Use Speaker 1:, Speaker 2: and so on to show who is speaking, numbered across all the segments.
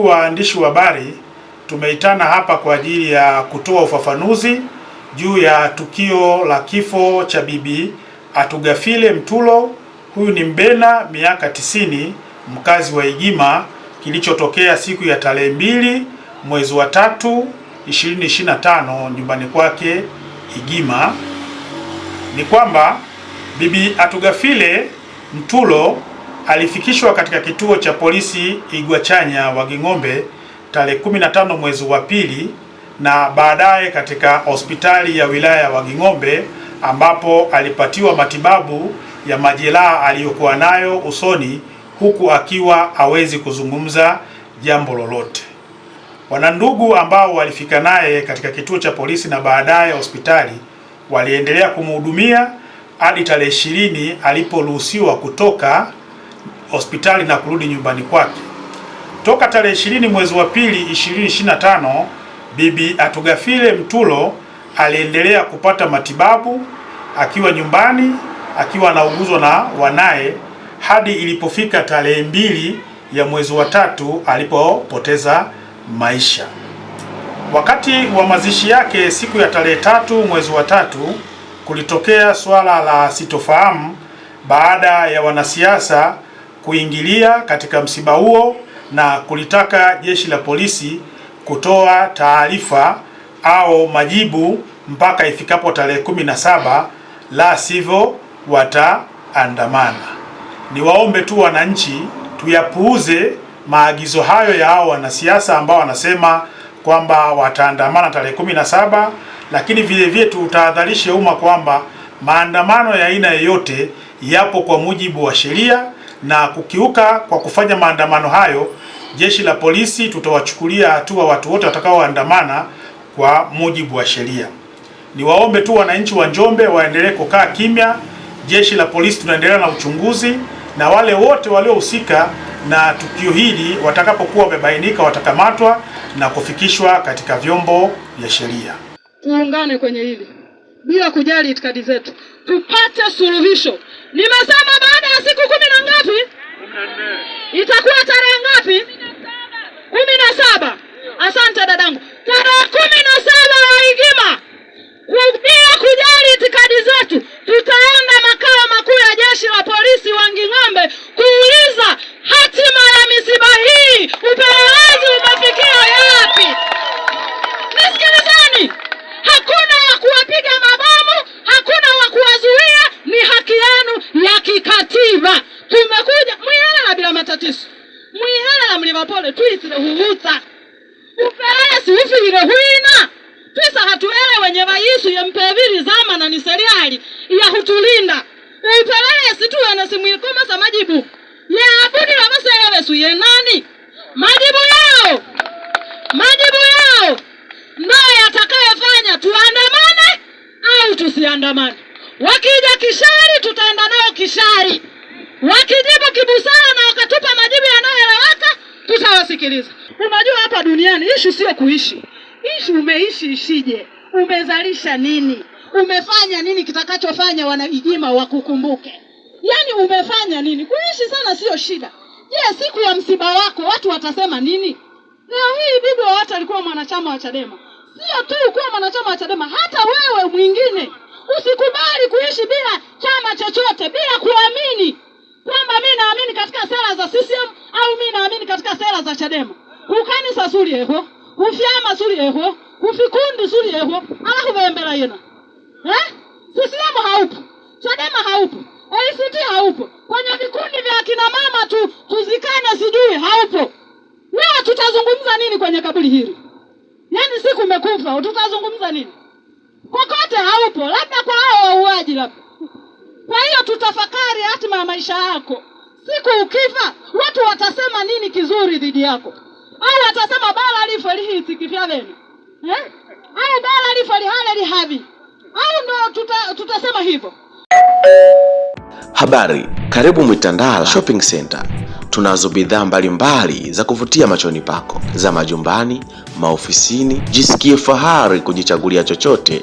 Speaker 1: Ndugu waandishi wa habari, tumeitana hapa kwa ajili ya kutoa ufafanuzi juu ya tukio la kifo cha Bibi Atugafile Mtulo, huyu ni Mbena, miaka tisini, mkazi wa Igima, kilichotokea siku ya tarehe mbili mwezi wa tatu 2025 nyumbani kwake Igima. Ni kwamba Bibi Atugafile Mtulo alifikishwa katika kituo cha polisi Igwachanya waging'ombe tarehe 15 mwezi wa pili na baadaye katika hospitali ya wilaya ya Wanging'ombe ambapo alipatiwa matibabu ya majeraha aliyokuwa nayo usoni huku akiwa hawezi kuzungumza jambo lolote. Wanandugu ambao walifika naye katika kituo cha polisi na baadaye hospitali waliendelea kumhudumia hadi tarehe ishirini aliporuhusiwa kutoka hospitali na kurudi nyumbani kwake. Toka tarehe 20 mwezi wa pili 2025, Bibi Atugafile Mtulo aliendelea kupata matibabu akiwa nyumbani akiwa anauguzwa na wanaye hadi ilipofika tarehe mbili ya mwezi wa tatu alipopoteza maisha. Wakati wa mazishi yake siku ya tarehe tatu mwezi wa tatu kulitokea swala la sitofahamu baada ya wanasiasa kuingilia katika msiba huo na kulitaka jeshi la polisi kutoa taarifa au majibu mpaka ifikapo tarehe kumi na saba, la sivyo wataandamana. Niwaombe tu wananchi tuyapuuze maagizo hayo ya hao wanasiasa ambao wanasema kwamba wataandamana tarehe kumi na saba, lakini vile vile tutahadharishe umma kwamba maandamano ya aina yoyote yapo kwa mujibu wa sheria na kukiuka kwa kufanya maandamano hayo, jeshi la polisi tutawachukulia hatua watu wote watakaoandamana kwa mujibu wa sheria. Niwaombe tu wananchi wa Njombe waendelee kukaa kimya. Jeshi la polisi tunaendelea na uchunguzi, na wale wote waliohusika na tukio hili watakapokuwa wamebainika watakamatwa na kufikishwa katika vyombo vya sheria.
Speaker 2: Tuungane kwenye hili bila kujali itikadi zetu, tupate suluhisho. Nimesema yetu, tutaenda makao makuu ya jeshi la polisi Wanging'ombe kuuliza hatima ya misiba hii, upelelezi umefikia yapi? Nisikilizeni, hakuna wa kuwapiga mabomu, hakuna wa kuwazuia, ni haki yenu ya kikatiba. Tumekuja mwihala bila matatizo, mwihala mlivapole twisile huhuta upelelezi ufile huina hatuele wenye nyevayisu yempeviri zama na ni seriali yahutulinda uipelele situwe nesimwikomesa majibu yeabunila vaseevesu ye nani majibu yao majibu yao ndio yatakayefanya tuandamane au tusiandamane wakija kishari tutaenda nao kishari wakijibu kibusara na wakatupa majibu yanayoeleweka tutawasikiliza unajua hapa duniani ishu sio kuishi ishi umeishi ishije, umezalisha nini, umefanya nini kitakachofanya wanaijima wakukumbuke. Yaani umefanya nini? Kuishi sana sio shida. Je, yes, siku ya msiba wako watu watasema nini? Leo hii bibi wa watu alikuwa mwanachama wa Chadema. Sio tu kuwa mwanachama wa Chadema, hata wewe mwingine usikubali kuishi bila chama chochote, bila kuamini kwamba mimi naamini katika sera za CCM au mimi naamini katika sera za Chadema. Ukani sasuri ufyama suri eho nfikundi suri eho alakhuvembela yena eh? sisiemu haupo chadema haupo act haupo kwenye vikundi vya kina mama tu tuzikane sijui haupo leo tutazungumza nini kwenye kaburi hili yani siku mekufa tutazungumza nini kokote haupo labda kwa hao wauaji labda kwa hiyo tutafakari hatima ya maisha yako siku ukifa watu watasema nini kizuri dhidi yako ala atasema bala lifolihisikifyavenu eh? aya bala lifoli hale lihavi au ndo tuta, tutasema hivyo.
Speaker 3: Habari, karibu Mwitandala Shopping Center. Tunazo bidhaa mbalimbali za kuvutia machoni pako za majumbani, maofisini. Jisikie fahari kujichagulia chochote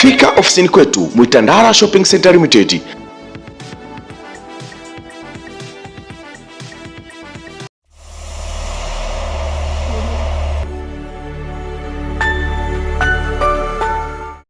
Speaker 3: Fika ofisini kwetu Mwitandara Shopping Center Limited